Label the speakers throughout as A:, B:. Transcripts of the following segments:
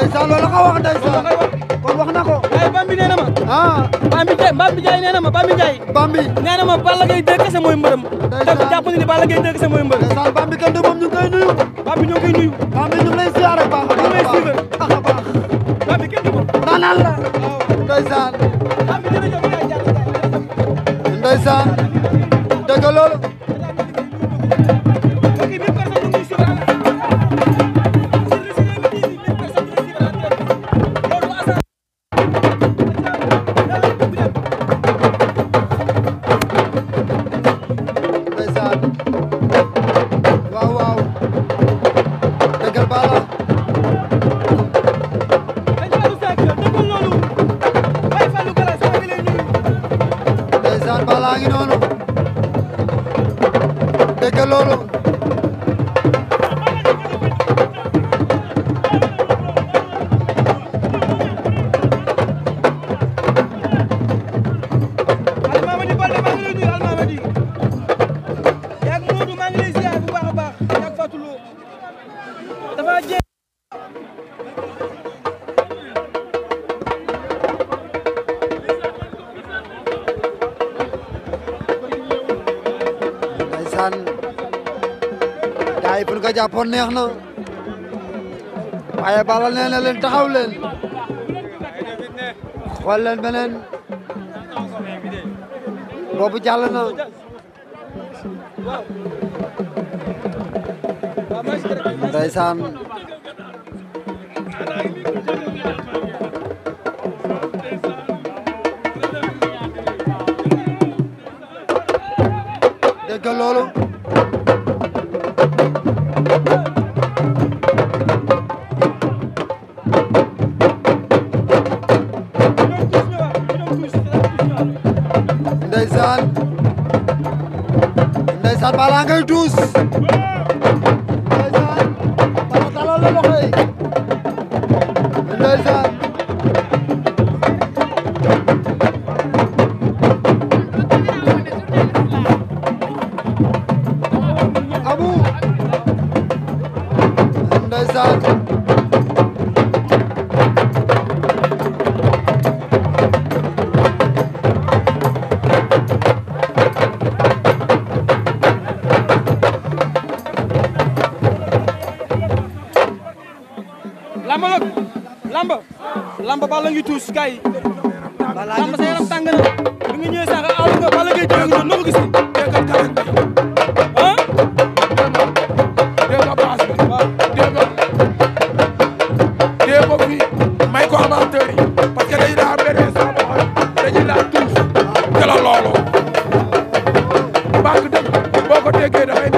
A: ndeysaan loolu la ko wax ndeysaan kon wax na ko waaye Bambi nee na ma ah Bambi Ndiaye Bambi Ndiaye nee na ma Bambi Ndiaye Bambi nee na ma Balla Gaye deux kese mooy mbërëm te jàpp na ni Balla Gaye deux kese mooy mbërëm ndeysaan Bambi kenn de moom ñu ngi koy nuyu Bambi ñoo ngi koy nuyu Bambi ñu ngi lay siyaar Naar Balla ngi noonu dégg loolu Almamady Baldé maa ngi lay nuyu gaay bu ñu ko jàppoon neex na waaye Balla nee na leen taxaw leen xool leen beneen boobu jàll na ndeysaan Ndeysaan Balla ngay tuus Ndeysaan Balla talal la loxo yi Ndeysaan lamba lamba Balla ngi tuus kay lamba sa yaram tàng na bi nga ñëwee sax àll nga Balla ngay jëlee nga ko gis boo ko déggee dafay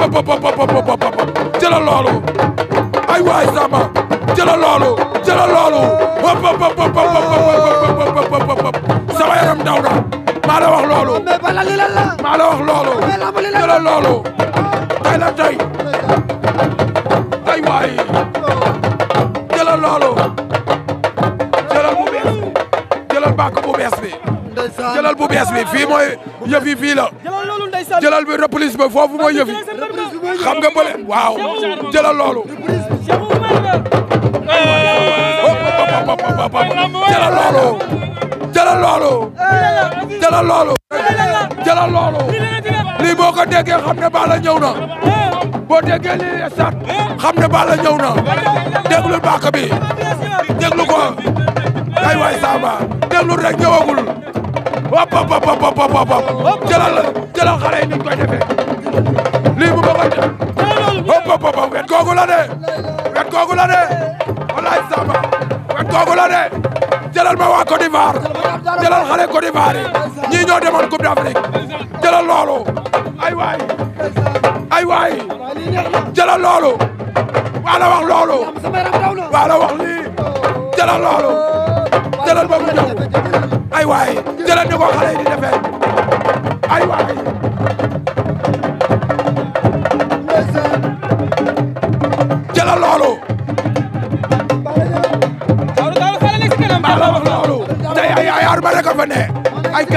A: hop hop hop hop hop hop jëlal loolu ay waay sama jëlal loolu jëlal loolu hop hop hop hop hop hop sama yaram daw na maa la wax loolu maa la wax loolu jëlal loolu tay la tay ay waay jëlal loolu jëlal bu bees jëlal bàkk bu bi jëlal bu bees bi fii bi reprise ba xam nga bële waaw jëlal loolu jëlal loolu jëlal loolu jëlal loolu jëlal loolu lii ko xam ne Balla ñëw na boo déggee lii sat xam ne Balla ñëw na déglu bàkk bi déglu ko ay waay saaba déglu rek ñëwagul hop hop hop hop hop jëlal jëlal xale yi niñ koy lii bu ma ko def hop hop googu la de wet googu la de walaay Samba wet googu la de jëlal ma waa Côte d'Ivoire jëlal xale Côte d'Ivoire yi ñii ñoo demoon Coupe loolu ay waay ay loolu wala wax loolu wala loolu jëlal ba mu ay waay jëlal ni ko xale yi di ay waay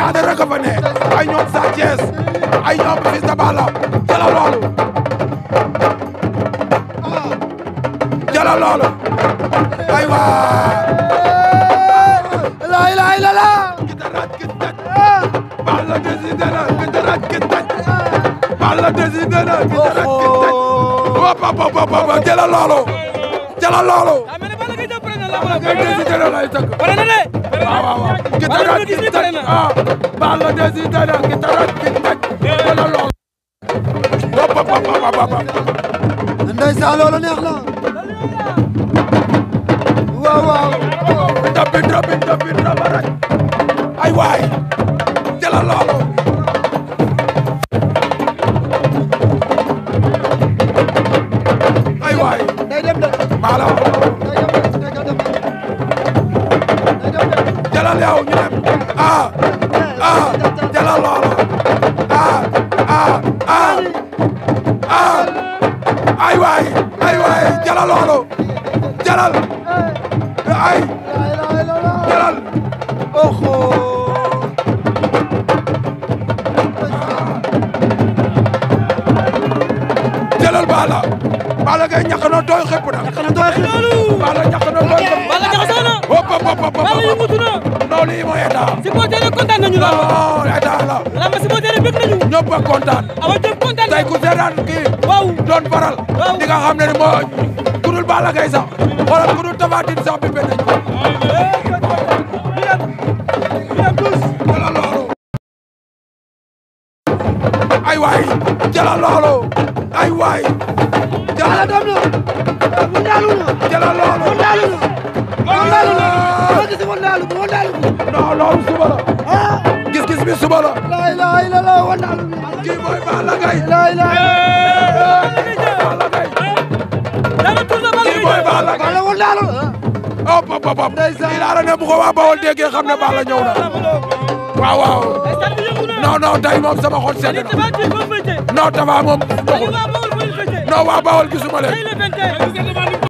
A: caada rek a fa ne ay ñoom Sa Thiès ay ñoom Fils de Balla jëla loolu jëla loolu ay waa la ilaha illallah kita rat kita Balla desidera kita rat kita Balla desidera kita rat kita wa pa pa pa jëla loolu jëlal loolu. daa mel ni la wala ay waay. jëlal yow ñu dem ah ah jëlal loola ah ah ah ah ay waay ay waay jëlal loolu jëlal ay jëlal oho Balla Balla Gaye ñàkk na doy xëpp na. ñàkk na doy xëpp. Balla ñàkk na doy xëpp. Balla jaxasoo na. loolu yi mooy état. supporter yi nañu la. la. lamba supporter yi bëgg nañu. ñëpp a kontaan. awa jëm kontaan tey ku seetaan kii. waaw doon faral. waaw di nga xam ne ni moo ku dul Balla Gaye sax wala ku dul Tapha Tine sax bi benn ay waay jëlal loolu ay waay jëlal loolu jëlal loolu di wandaalu bu wandaalu bi non loolu suba la ah bi suba la laa ilaaha illallaah wandaalu bi kii mooy Balla Gaye laa ilaaha illallaah kii mooy Balla Gaye wandaalu oh pop pop ndeysaan laa ne bu waa Bawol déggee xam ne Balla ñëw na waaw waaw non non tey moom sama xol sedd na non Tapha moom doxul non waa Bawol gisuma leen